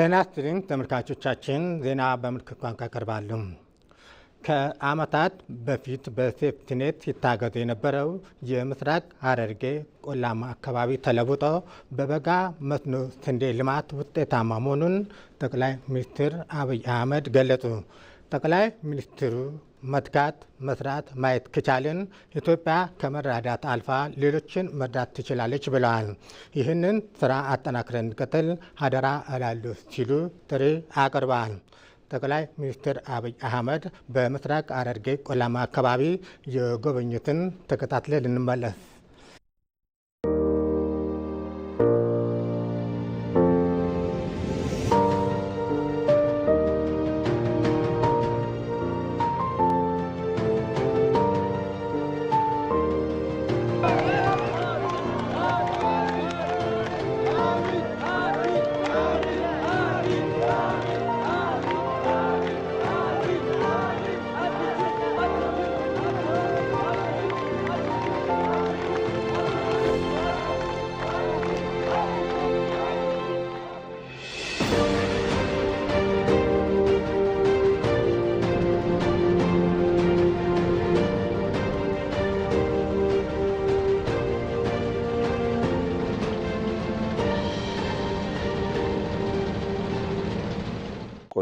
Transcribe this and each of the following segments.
ጤና ይስጥልኝ ተመልካቾቻችን፣ ዜና በምልክት ቋንቋ ይቀርባሉ። ከዓመታት በፊት በሴፍቲኔት ሲታገዙ የነበረው የምስራቅ ሐረርጌ ቆላማ አካባቢ ተለውጦ በበጋ መስኖ ስንዴ ልማት ውጤታማ መሆኑን ጠቅላይ ሚኒስትር አብይ አህመድ ገለጹ። ጠቅላይ ሚኒስትሩ መትጋት፣ መስራት፣ ማየት ከቻልን ኢትዮጵያ ከመራዳት አልፋ ሌሎችን መርዳት ትችላለች ብለዋል። ይህንን ስራ አጠናክረን እንቀጥል አደራ እላለሁ ሲሉ ጥሪ አቅርበዋል። ጠቅላይ ሚኒስትር አብይ አህመድ በምስራቅ ሐረርጌ ቆላማ አካባቢ የጎበኙትን ተከታትለን ልንመለስ።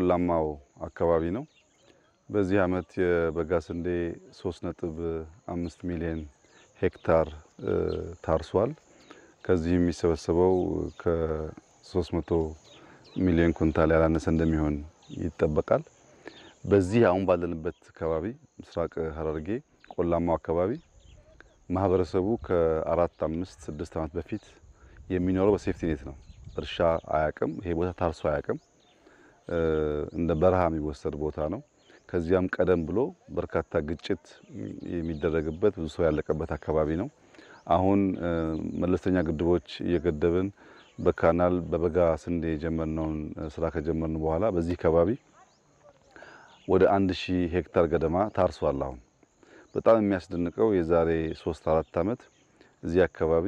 ቆላማው አካባቢ ነው። በዚህ ዓመት የበጋ ስንዴ 3.5 ሚሊዮን ሄክታር ታርሷል። ከዚህ የሚሰበሰበው ከ300 ሚሊዮን ኩንታል ያላነሰ እንደሚሆን ይጠበቃል። በዚህ አሁን ባለንበት አካባቢ ምስራቅ ሐረርጌ ቆላማው አካባቢ ማህበረሰቡ ከአራት አምስት ስድስት ዓመት በፊት የሚኖረው በሴፍቲ ኔት ነው። እርሻ አያቅም። ይሄ ቦታ ታርሶ አያቅም። እንደ በረሃ የሚወሰድ ቦታ ነው። ከዚያም ቀደም ብሎ በርካታ ግጭት የሚደረግበት ብዙ ሰው ያለቀበት አካባቢ ነው። አሁን መለስተኛ ግድቦች እየገደብን በካናል በበጋ ስንዴ የጀመርነውን ስራ ከጀመርን በኋላ በዚህ ከባቢ ወደ አንድ ሺህ ሄክታር ገደማ ታርሷል። አሁን በጣም የሚያስደንቀው የዛሬ ሶስት አራት ዓመት እዚህ አካባቢ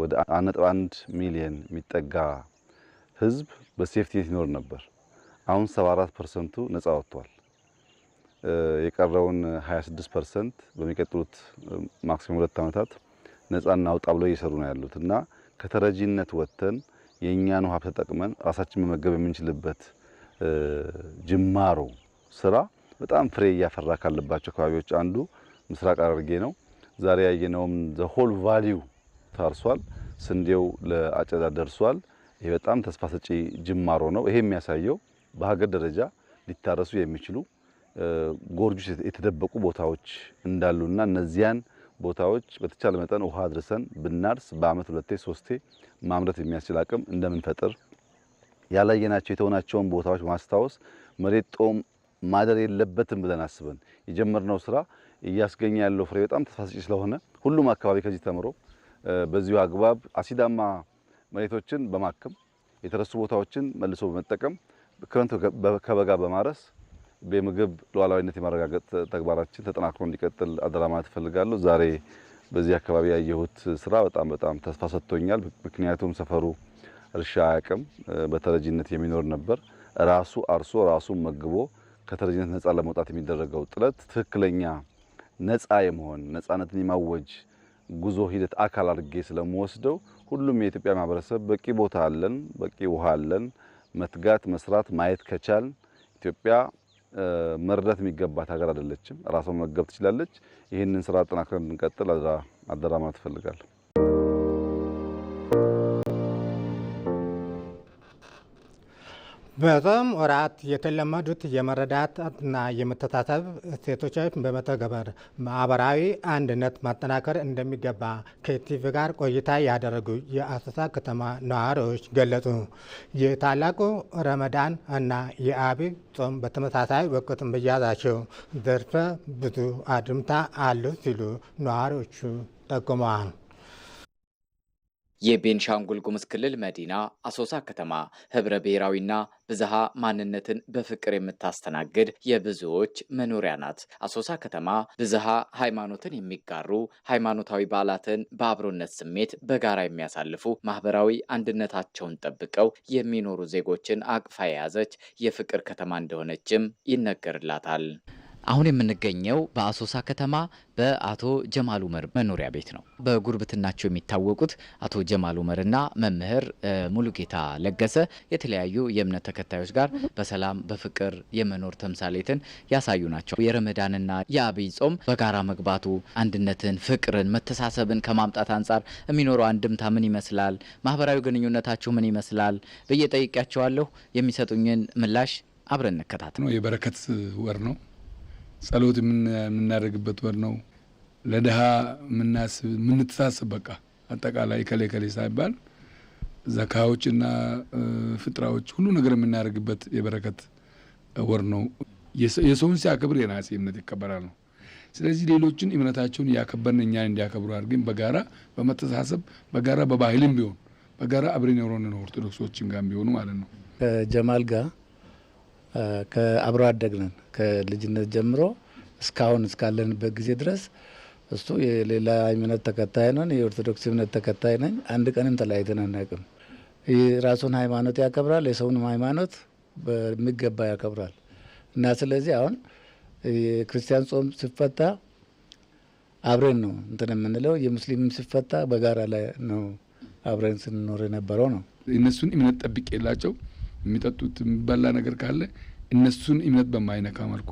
ወደ አንድ ነጥብ አንድ ሚሊየን የሚጠጋ ህዝብ በሴፍቲኔት ይኖር ነበር። አሁን 74 ፐርሰንቱ ነጻ ወጥቷል። የቀረውን 26 ፐርሰንት በሚቀጥሉት ማክሲመም ሁለት ዓመታት ነጻ አውጣ ብለው እየሰሩ ነው ያሉት እና ከተረጂነት ወጥተን የእኛን ሀብት ተጠቅመን ራሳችን መመገብ የምንችልበት ጅማሮ ስራ በጣም ፍሬ እያፈራ ካለባቸው አካባቢዎች አንዱ ምስራቅ ሐረርጌ ነው። ዛሬ ያየነውም ዘሆል ቫሊዩ ታርሷል። ስንዴው ለአጨዳ ደርሷል። ይህ በጣም ተስፋ ሰጪ ጅማሮ ነው። ይሄ የሚያሳየው በሀገር ደረጃ ሊታረሱ የሚችሉ ጎርጅ የተደበቁ ቦታዎች እንዳሉና እነዚያን ቦታዎች በተቻለ መጠን ውሃ አድርሰን ብናርስ በአመት ሁለቴ ሶስቴ ማምረት የሚያስችል አቅም እንደምንፈጥር ያላየናቸው የተሆናቸውን ቦታዎች በማስታወስ መሬት ጦም ማደር የለበትም ብለን አስበን የጀመርነው ስራ እያስገኘ ያለው ፍሬ በጣም ተስፋ ሰጪ ስለሆነ ሁሉም አካባቢ ከዚህ ተምሮ በዚሁ አግባብ አሲዳማ መሬቶችን በማከም የተረሱ ቦታዎችን መልሶ በመጠቀም ክረምት ከበጋ በማረስ የምግብ ሉዓላዊነት የማረጋገጥ ተግባራችን ተጠናክሮ እንዲቀጥል አደራ ማለት እፈልጋለሁ። ዛሬ በዚህ አካባቢ ያየሁት ስራ በጣም በጣም ተስፋ ሰጥቶኛል። ምክንያቱም ሰፈሩ እርሻ አያውቅም፣ በተረጂነት የሚኖር ነበር። ራሱ አርሶ ራሱ መግቦ ከተረጂነት ነጻ ለመውጣት የሚደረገው ጥለት ትክክለኛ ነጻ የመሆን ነጻነትን የማወጅ ጉዞ ሂደት አካል አድርጌ ስለምወስደው ሁሉም የኢትዮጵያ ማህበረሰብ በቂ ቦታ አለን፣ በቂ ውሃ አለን። መትጋት፣ መስራት፣ ማየት ከቻል ኢትዮጵያ መርዳት የሚገባት ሀገር አይደለችም። ራሷን መገብ ትችላለች። ይህንን ስራ አጠናክረን እንድንቀጥል አደራ ማለት እፈልጋለሁ። በጾም ወራት የተለመዱት የመረዳዳትና የመተሳሰብ እሴቶችን በመተግበር ማህበራዊ አንድነት ማጠናከር እንደሚገባ ከቲቪ ጋር ቆይታ ያደረጉ የአሶሳ ከተማ ነዋሪዎች ገለጹ። የታላቁ ረመዳን እና የአቢብ ጾም በተመሳሳይ ወቅት መያዛቸው ዘርፈ ብዙ አድምታ አሉ ሲሉ ነዋሪዎቹ ጠቁመዋል። የቤንሻንጉል ጉምዝ ክልል መዲና አሶሳ ከተማ ህብረ ብሔራዊና ብዝሃ ማንነትን በፍቅር የምታስተናግድ የብዙዎች መኖሪያ ናት። አሶሳ ከተማ ብዝሃ ሃይማኖትን የሚጋሩ ሃይማኖታዊ በዓላትን በአብሮነት ስሜት በጋራ የሚያሳልፉ ማህበራዊ አንድነታቸውን ጠብቀው የሚኖሩ ዜጎችን አቅፋ የያዘች የፍቅር ከተማ እንደሆነችም ይነገርላታል። አሁን የምንገኘው በአሶሳ ከተማ በአቶ ጀማል ኡመር መኖሪያ ቤት ነው። በጉርብትናቸው የሚታወቁት አቶ ጀማል ኡመርና መምህር ሙሉጌታ ለገሰ የተለያዩ የእምነት ተከታዮች ጋር በሰላም በፍቅር የመኖር ተምሳሌትን ያሳዩ ናቸው። የረመዳንና የአብይ ጾም በጋራ መግባቱ አንድነትን፣ ፍቅርን፣ መተሳሰብን ከማምጣት አንጻር የሚኖረው አንድምታ ምን ይመስላል? ማህበራዊ ግንኙነታችሁ ምን ይመስላል? ብዬ ጠይቄያቸዋለሁ። የሚሰጡኝን ምላሽ አብረን እንከታተል። የበረከት ወር ነው። ጸሎት የምናደርግበት ወር ነው። ለድሃ የምናስብ የምንተሳስብ፣ በቃ አጠቃላይ ከሌ ከሌ ሳይባል ዘካዎችና ፍጥራዎች ሁሉ ነገር የምናደርግበት የበረከት ወር ነው። የሰውን ሲያከብር የናሴ እምነት ይከበራል ነው። ስለዚህ ሌሎችን እምነታቸውን እያከበርን እኛን እንዲያከብሩ አድርገን በጋራ በመተሳሰብ በጋራ በባህልም ቢሆን በጋራ አብረን የኖረንን ኦርቶዶክሶችም ጋር ቢሆኑ ማለት ነው ከጀማል ጋር ከአብሮ አደግነን ከልጅነት ጀምሮ እስካሁን እስካለንበት ጊዜ ድረስ እሱ የሌላ እምነት ተከታይ ነን፣ የኦርቶዶክስ እምነት ተከታይ ነኝ። አንድ ቀንም ተለያይተን አናውቅም። የራሱን ሃይማኖት ያከብራል፣ የሰውንም ሃይማኖት በሚገባ ያከብራል። እና ስለዚህ አሁን የክርስቲያን ጾም ሲፈታ አብረን ነው እንትን የምንለው፣ የሙስሊምም ሲፈታ በጋራ ላይ ነው አብረን ስንኖር የነበረው ነው። እነሱን እምነት ጠብቅ የላቸው የሚጠጡት የሚበላ ነገር ካለ እነሱን እምነት በማይነካ መልኩ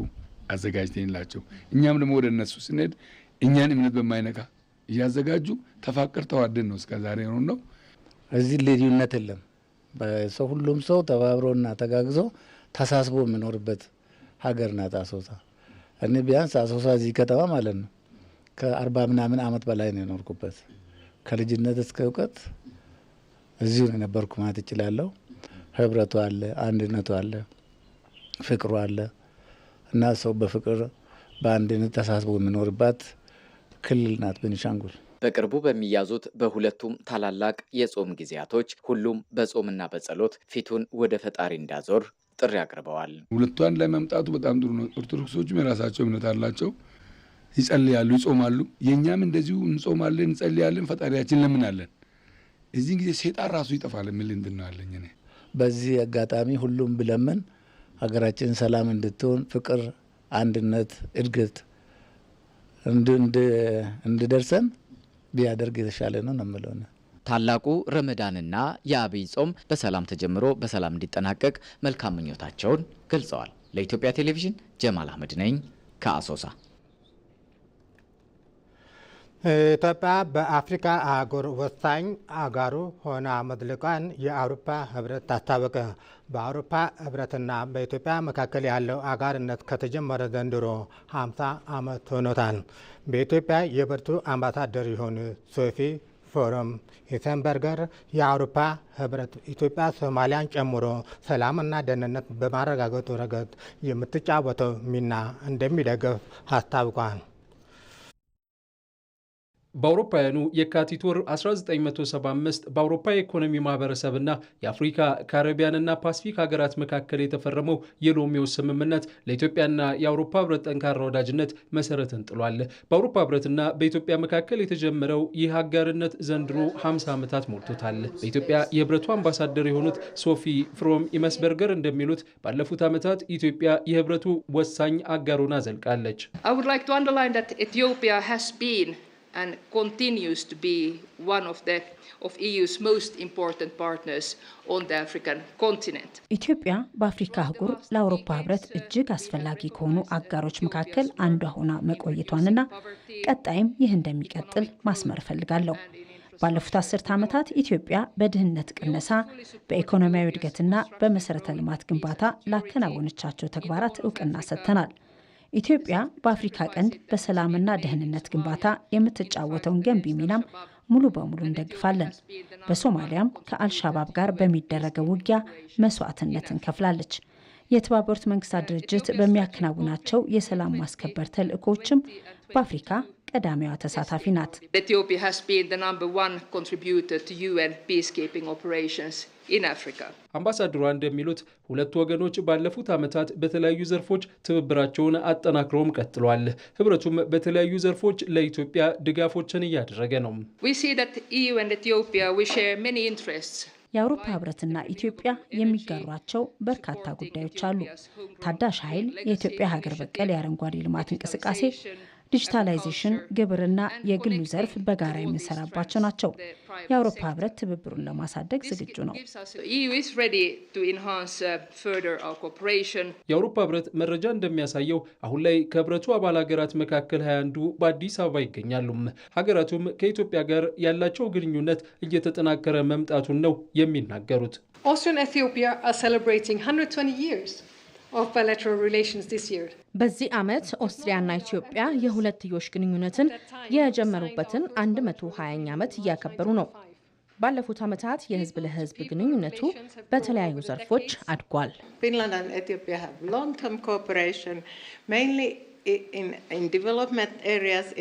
አዘጋጅተንላቸው እኛም ደግሞ ወደ እነሱ ስንሄድ እኛን እምነት በማይነካ እያዘጋጁ ተፋቅር ተዋደን ነው እስከ ዛሬ ነው ነው። እዚህ ልዩነት የለም። ሰው ሁሉም ሰው ተባብሮና ተጋግዞ ተሳስቦ የሚኖርበት ሀገር ናት አሶሳ። እኔ ቢያንስ አሶሳ እዚህ ከተማ ማለት ነው ከአርባ ምናምን አመት በላይ ነው የኖርኩበት። ከልጅነት እስከ እውቀት እዚሁ ነው የነበርኩ ማለት እችላለሁ። ህብረቱ አለ፣ አንድነቱ አለ፣ ፍቅሩ አለ እና ሰው በፍቅር በአንድነት ተሳስቦ የሚኖርባት ክልል ናት ቤኒሻንጉል። በቅርቡ በሚያዙት በሁለቱም ታላላቅ የጾም ጊዜያቶች ሁሉም በጾምና በጸሎት ፊቱን ወደ ፈጣሪ እንዳዞር ጥሪ አቅርበዋል። ሁለቱ አንድ ላይ መምጣቱ በጣም ጥሩ ነው። ኦርቶዶክሶቹም የራሳቸው እምነት አላቸው፣ ይጸልያሉ፣ ይጾማሉ። የእኛም እንደዚሁ እንጾማለን፣ እንጸልያለን፣ ፈጣሪያችን ለምናለን። እዚህን ጊዜ ሴጣን ራሱ ይጠፋል የሚል እንድናለኝ እኔ በዚህ አጋጣሚ ሁሉም ብለምን ሀገራችን ሰላም እንድትሆን ፍቅር፣ አንድነት፣ እድገት እንድደርሰን ቢያደርግ የተሻለ ነው ነው የምለው። ታላቁ ረመዳንና የአብይ ጾም በሰላም ተጀምሮ በሰላም እንዲጠናቀቅ መልካም ምኞታቸውን ገልጸዋል። ለኢትዮጵያ ቴሌቪዥን ጀማል አህመድ ነኝ ከአሶሳ ኢትዮጵያ በአፍሪካ አህጉር ወሳኝ አጋሩ ሆና መዝለቋን የአውሮፓ ህብረት ታስታወቀ። በአውሮፓ ህብረትና በኢትዮጵያ መካከል ያለው አጋርነት ከተጀመረ ዘንድሮ 50 ዓመት ሆኖታል። በኢትዮጵያ የብርቱ አምባሳደር የሆኑ ሶፊ ፎረም ሂሰንበርገር የአውሮፓ ህብረት ኢትዮጵያ ሶማሊያን ጨምሮ ሰላምና ደህንነት በማረጋገጡ ረገድ የምትጫወተው ሚና እንደሚደግፍ አስታውቋል። በአውሮፓውያኑ የካቲት ወር 1975 በአውሮፓ የኢኮኖሚ ማህበረሰብና የአፍሪካ ካሪቢያንና ፓሲፊክ ሀገራት መካከል የተፈረመው የሎሚው ስምምነት ለኢትዮጵያና የአውሮፓ ህብረት ጠንካራ ወዳጅነት መሰረትን ጥሏል። በአውሮፓ ህብረትና በኢትዮጵያ መካከል የተጀመረው ይህ አጋርነት ዘንድሮ 50 ዓመታት ሞልቶታል። በኢትዮጵያ የህብረቱ አምባሳደር የሆኑት ሶፊ ፍሮም ኢመስበርገር እንደሚሉት ባለፉት ዓመታት ኢትዮጵያ የህብረቱ ወሳኝ አጋሩን አዘልቃለች። and continues to be one of the of EU's most important partners on the African continent. ኢትዮጵያ በአፍሪካ አህጉር ለአውሮፓ ህብረት እጅግ አስፈላጊ ከሆኑ አጋሮች መካከል አንዷ ሆና መቆየቷንና ቀጣይም ይህ እንደሚቀጥል ማስመር እፈልጋለሁ። ባለፉት አስርት ዓመታት ኢትዮጵያ በድህነት ቅነሳ በኢኮኖሚያዊ እድገትና በመሰረተ ልማት ግንባታ ላከናወነቻቸው ተግባራት እውቅና ሰጥተናል። ኢትዮጵያ በአፍሪካ ቀንድ በሰላምና ደህንነት ግንባታ የምትጫወተውን ገንቢ ሚናም ሙሉ በሙሉ እንደግፋለን። በሶማሊያም ከአልሻባብ ጋር በሚደረገው ውጊያ መስዋዕትነት እንከፍላለች። የተባበሩት መንግስታት ድርጅት በሚያከናውናቸው የሰላም ማስከበር ተልእኮችም በአፍሪካ ቀዳሚዋ ተሳታፊ ናት። አምባሳደሯ እንደሚሉት ሁለቱ ወገኖች ባለፉት ዓመታት በተለያዩ ዘርፎች ትብብራቸውን አጠናክረውም ቀጥሏል። ህብረቱም በተለያዩ ዘርፎች ለኢትዮጵያ ድጋፎችን እያደረገ ነው። የአውሮፓ ህብረትና ኢትዮጵያ የሚጋሯቸው በርካታ ጉዳዮች አሉ። ታዳሽ ኃይል፣ የኢትዮጵያ ሀገር በቀል የአረንጓዴ ልማት እንቅስቃሴ፣ ዲጂታላይዜሽን፣ ግብርና የግሉ ዘርፍ በጋራ የሚሰራባቸው ናቸው። የአውሮፓ ህብረት ትብብሩን ለማሳደግ ዝግጁ ነው። የአውሮፓ ህብረት መረጃ እንደሚያሳየው አሁን ላይ ከህብረቱ አባል ሀገራት መካከል ሀያ አንዱ በአዲስ አበባ ይገኛሉ። ሀገራቱም ከኢትዮጵያ ጋር ያላቸው ግንኙነት እየተጠናከረ መምጣቱን ነው የሚናገሩት። በዚህ ዓመት ኦስትሪያና ኢትዮጵያ የሁለትዮሽ ግንኙነትን የጀመሩበትን 120ኛ ዓመት እያከበሩ ነው። ባለፉት ዓመታት የህዝብ ለህዝብ ግንኙነቱ በተለያዩ ዘርፎች አድጓል።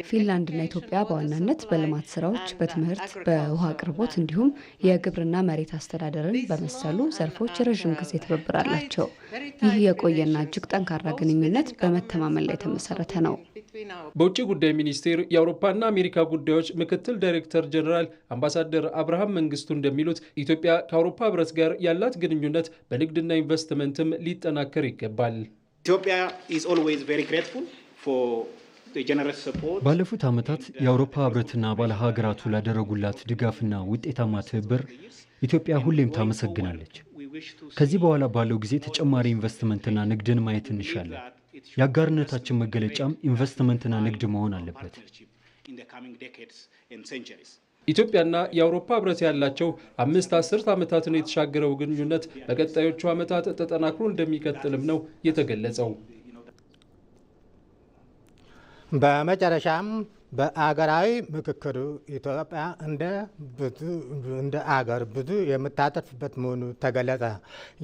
ፊንላንድና ኢትዮጵያ በዋናነት በልማት ስራዎች፣ በትምህርት፣ በውሃ አቅርቦት እንዲሁም የግብርና መሬት አስተዳደርን በመሰሉ ዘርፎች የረዥም ጊዜ ትብብር አላቸው። ይህ የቆየና እጅግ ጠንካራ ግንኙነት በመተማመን ላይ የተመሰረተ ነው። በውጭ ጉዳይ ሚኒስቴር የአውሮፓና አሜሪካ ጉዳዮች ምክትል ዳይሬክተር ጀኔራል አምባሳደር አብርሃም መንግስቱ እንደሚሉት ኢትዮጵያ ከአውሮፓ ህብረት ጋር ያላት ግንኙነት በንግድና ኢንቨስትመንትም ሊጠናከር ይገባል። ባለፉት ዓመታት የአውሮፓ ህብረትና ባለ ሀገራቱ ላደረጉላት ድጋፍና ውጤታማ ትብብር ኢትዮጵያ ሁሌም ታመሰግናለች። ከዚህ በኋላ ባለው ጊዜ ተጨማሪ ኢንቨስትመንትና ንግድን ማየት እንሻለን። የአጋርነታችን መገለጫም ኢንቨስትመንትና ንግድ መሆን አለበት። ኢትዮጵያና የአውሮፓ ህብረት ያላቸው አምስት አስርት ዓመታትን የተሻገረው ግንኙነት በቀጣዮቹ ዓመታት ተጠናክሮ እንደሚቀጥልም ነው የተገለጸው። በመጨረሻም በአገራዊ ምክክር ኢትዮጵያ እንደ አገር ብዙ የምታተርፍበት መሆኑ ተገለጸ።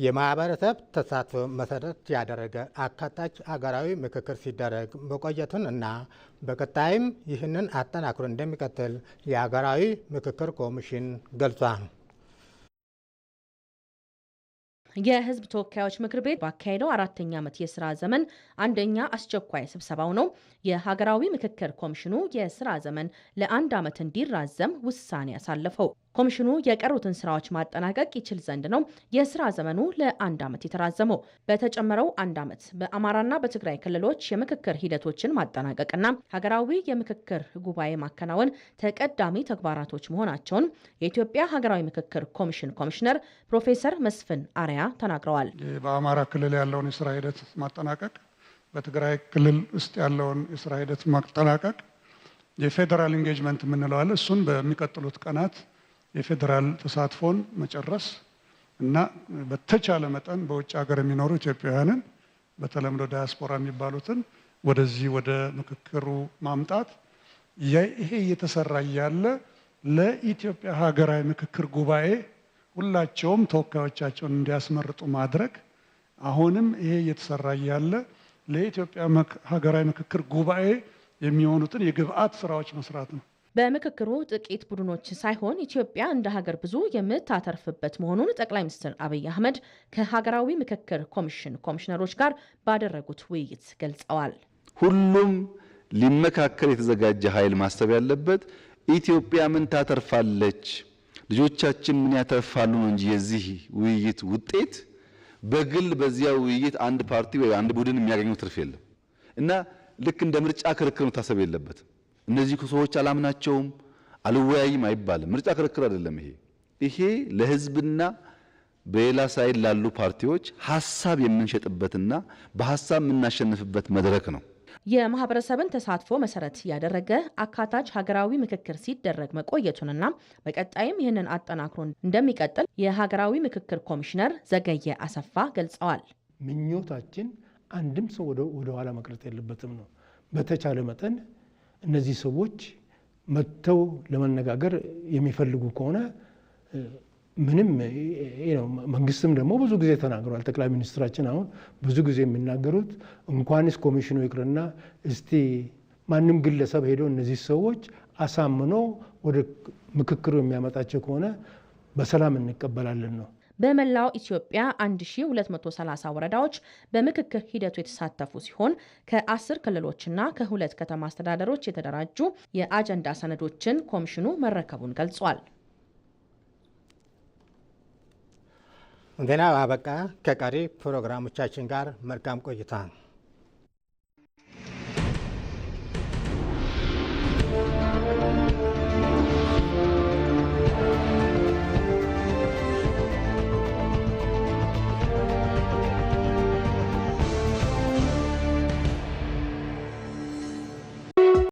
የማህበረሰብ ተሳትፎ መሰረት ያደረገ አካታች አገራዊ ምክክር ሲደረግ መቆየቱን እና በቀጣይም ይህንን አጠናክሮ እንደሚቀጥል የአገራዊ ምክክር ኮሚሽን ገልጿል። የህዝብ ተወካዮች ምክር ቤት ባካሄደው አራተኛ ዓመት የስራ ዘመን አንደኛ አስቸኳይ ስብሰባው ነው የሀገራዊ ምክክር ኮሚሽኑ የስራ ዘመን ለአንድ ዓመት እንዲራዘም ውሳኔ ያሳለፈው። ኮሚሽኑ የቀሩትን ስራዎች ማጠናቀቅ ይችል ዘንድ ነው የስራ ዘመኑ ለአንድ ዓመት የተራዘመው። በተጨመረው አንድ ዓመት በአማራና በትግራይ ክልሎች የምክክር ሂደቶችን ማጠናቀቅና ሀገራዊ የምክክር ጉባኤ ማከናወን ተቀዳሚ ተግባራቶች መሆናቸውን የኢትዮጵያ ሀገራዊ ምክክር ኮሚሽን ኮሚሽነር ፕሮፌሰር መስፍን አርያ ተናግረዋል። በአማራ ክልል ያለውን የስራ ሂደት ማጠናቀቅ፣ በትግራይ ክልል ውስጥ ያለውን የስራ ሂደት ማጠናቀቅ፣ የፌዴራል ኢንጌጅመንት የምንለዋለ እሱን በሚቀጥሉት ቀናት የፌዴራል ተሳትፎን መጨረስ እና በተቻለ መጠን በውጭ ሀገር የሚኖሩ ኢትዮጵያውያንን በተለምዶ ዳያስፖራ የሚባሉትን ወደዚህ ወደ ምክክሩ ማምጣት ይሄ እየተሰራ እያለ ለኢትዮጵያ ሀገራዊ ምክክር ጉባኤ ሁላቸውም ተወካዮቻቸውን እንዲያስመርጡ ማድረግ አሁንም ይሄ እየተሰራ እያለ ለኢትዮጵያ ሀገራዊ ምክክር ጉባኤ የሚሆኑትን የግብአት ስራዎች መስራት ነው። በምክክሩ ጥቂት ቡድኖች ሳይሆን ኢትዮጵያ እንደ ሀገር ብዙ የምታተርፍበት መሆኑን ጠቅላይ ሚኒስትር አብይ አህመድ ከሀገራዊ ምክክር ኮሚሽን ኮሚሽነሮች ጋር ባደረጉት ውይይት ገልጸዋል። ሁሉም ሊመካከል የተዘጋጀ ኃይል ማሰብ ያለበት ኢትዮጵያ ምን ታተርፋለች፣ ልጆቻችን ምን ያተርፋሉ ነው እንጂ የዚህ ውይይት ውጤት በግል በዚያ ውይይት አንድ ፓርቲ ወይ አንድ ቡድን የሚያገኘው ትርፍ የለም እና ልክ እንደ ምርጫ ክርክር መታሰብ የለበትም። እነዚህ ሰዎች አላምናቸውም አልወያይም አይባልም። ምርጫ ክርክር አይደለም ይሄ ይሄ ለህዝብና በሌላ ሳይል ላሉ ፓርቲዎች ሀሳብ የምንሸጥበትና በሀሳብ የምናሸንፍበት መድረክ ነው። የማህበረሰብን ተሳትፎ መሰረት ያደረገ አካታች ሀገራዊ ምክክር ሲደረግ መቆየቱንና በቀጣይም ይህንን አጠናክሮ እንደሚቀጥል የሀገራዊ ምክክር ኮሚሽነር ዘገየ አሰፋ ገልጸዋል። ምኞታችን አንድም ሰው ወደ መቅረት የለበትም ነው። በተቻለ መጠን እነዚህ ሰዎች መጥተው ለመነጋገር የሚፈልጉ ከሆነ ምንም መንግስትም ደግሞ ብዙ ጊዜ ተናግሯል ጠቅላይ ሚኒስትራችን አሁን ብዙ ጊዜ የሚናገሩት እንኳንስ ኮሚሽኑ ይቅርና እስቲ ማንም ግለሰብ ሄዶ እነዚህ ሰዎች አሳምኖ ወደ ምክክሩ የሚያመጣቸው ከሆነ በሰላም እንቀበላለን ነው። በመላው ኢትዮጵያ 1230 ወረዳዎች በምክክር ሂደቱ የተሳተፉ ሲሆን ከ10 ክልሎችና ከሁለት ከተማ አስተዳደሮች የተደራጁ የአጀንዳ ሰነዶችን ኮሚሽኑ መረከቡን ገልጿል። ዜና አበቃ። ከቀሪ ፕሮግራሞቻችን ጋር መልካም ቆይታ